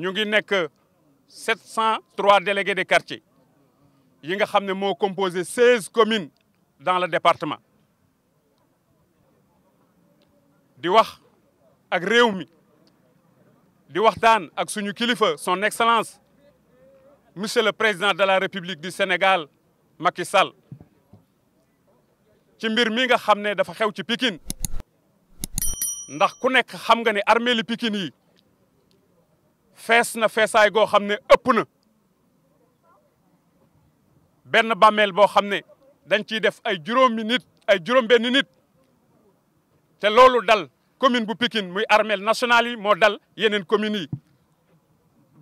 ñu ngi nekk 703 délégués de quartier yi nga xam ne moo composé 16 commune dans le département di wax ak réew mi di waxtaan ak suñu kilifa son excellence monsieur le président de la république du Sénégal Macky Sall ci mbir mi nga xam ne dafa xew ci Pikine ndax ku nekk xam nga ne armée li Pikine yi fees na feesaay goo xam ne ëpp na benn bàmmeel boo xam ne dañ ciy def ay juróomi nit ay juróom-benn nit te loolu dal commune bu pikin muy armeel nationale yi moo dal yeneen communes yi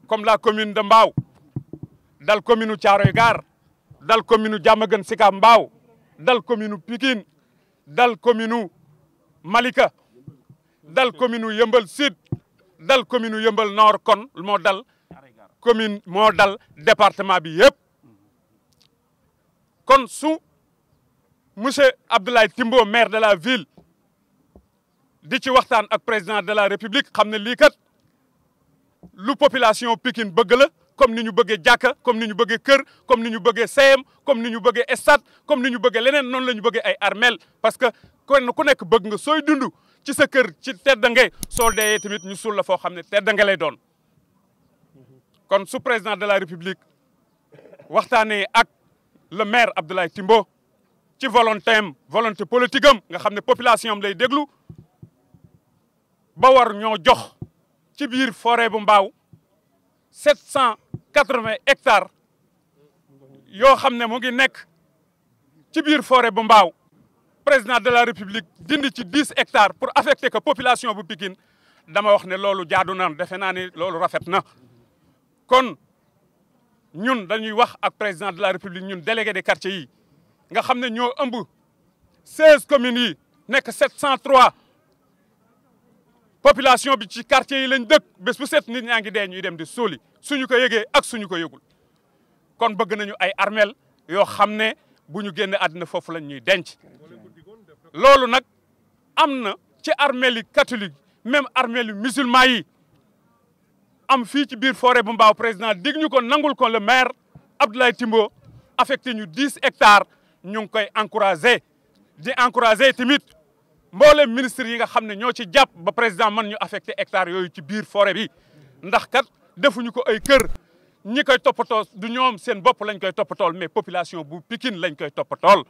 comme la commune de Mbao dal commune u Thiaroye Gare dal commune u Diamaguène Sicap Mbao dal commune u Pikine dal commune u Malika dal commune u Yeumbeul Sud dal commune yembal Yeumbeul kon moo dal commune moo dal département bi yëpp kon su monsieur Abdoulaye Timbo maire de la ville di ci waxtaan ak président de la république xam ne lii kat lu population Pikine bëgg la comme ni ñu bëggee jàkka comme ni ñu bëggee kër comme ni ñu bëggee seem comme ni ñu bëggee stade comme ni ñu bëggee leneen noonu la ñu bëggee ay armel parce que kon ku nekk bëgg nga sooy dund ci sa kër ci teddange soo deeyee tamit ñu suul la foo xam ne teddange lay doon kon su président de la république waxtaanee ak le maire Abdoulaye Timbo ci volonté am volonté politique am nga xam ne population am lay déglu ba war ñoo jox ci biir foore bu mbaaw sept quatre-vingts hectares yoo xam ne mu ngi nekk ci biir forêt bu mbaaw président de la république dindi ci dix hectares pour affecter que population bu Pikine dama wax ne loolu jaadu naan defe naa ne loolu rafet na kon ñun dañuy wax ak président de la république ñun délégué des quartiers yi nga xam ne ñoo ëmb seize communes yi nekk sept cent trois population bi ci quartier yi lañ dëkk bés bu set nit ñaa ngi dee ñuy dem di suuli suñu ko yëgee ak suñu ko yëgul kon bëgg nañu ay armel yoo xam ne bu ñu génne àddina foofu lañ ñuy denc loolu nag am na ci arméeli catholique même arméeli musulman yi am fii ci biir foore bu mbaaw président dig ñu ko nangul ko le maire Abdoulaye Timbo affecté ñu dix hectares ñu ngi koy encouragé di encouragé tamit mboolem ministre yi nga xam ne ñoo ci jàpp ba président mën ñu affecté hectares yooyu ci biir foore bi ndax kat defuñu ko ay kër ñi koy toppatoo du ñoom seen bopp lañ koy toppatool mais population bu Pikine lañ koy toppatool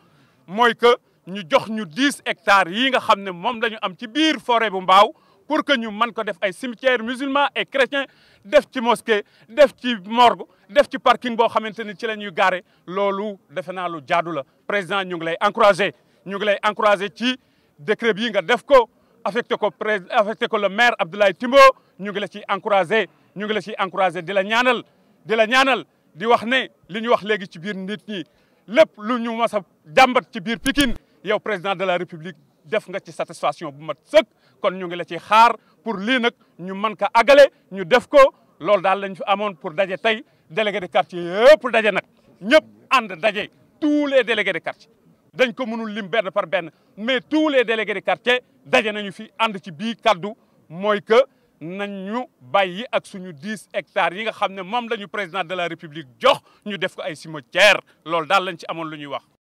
mooy que ñu jox ñu dix hectares yi nga xam ne moom la am ci biir forêt bu mbaaw pour que ñu mën ko def ay cimetières musulmans et chrétiens def ci mosquée def ci morgue def ci parking boo xamante ni ci la ñuy gaare loolu defe naa lu jaadu la président ñu ngi lay encouragé ñu ngi lay encouragé ci décret bii nga def ko affecté ko pré affecté ko le maire Abdoulaye Timbo ñu ngi la ci encouragé ñu ngi la ciy encouragé di la ñaanal di la ñaanal di wax ne li ñu wax léegi ci biir nit ñi lépp lu ñu mas a jàmbat ci biir pikin yow président de la république def nga ci satisfaction bu mat sëkk kon ñu ngi la ci xaar pour lii nag ñu mën ka agale ñu def ko loolu daal lañ fi amoon pour daje tey délégué de quartier yëpp daje nag ñëpp ànd daje tous les délégués de quartier dañ ko mënul lim benn par benn mais tous les délégués de daje nañu fi ànd ci bii kaddu mooy que nañ ñu bàyyi ak suñu dix hectares yi nga xam ne moom la ñu président de la république jox ñu def ko ay cimetière loolu daal lañ ci amoon lu ñuy wax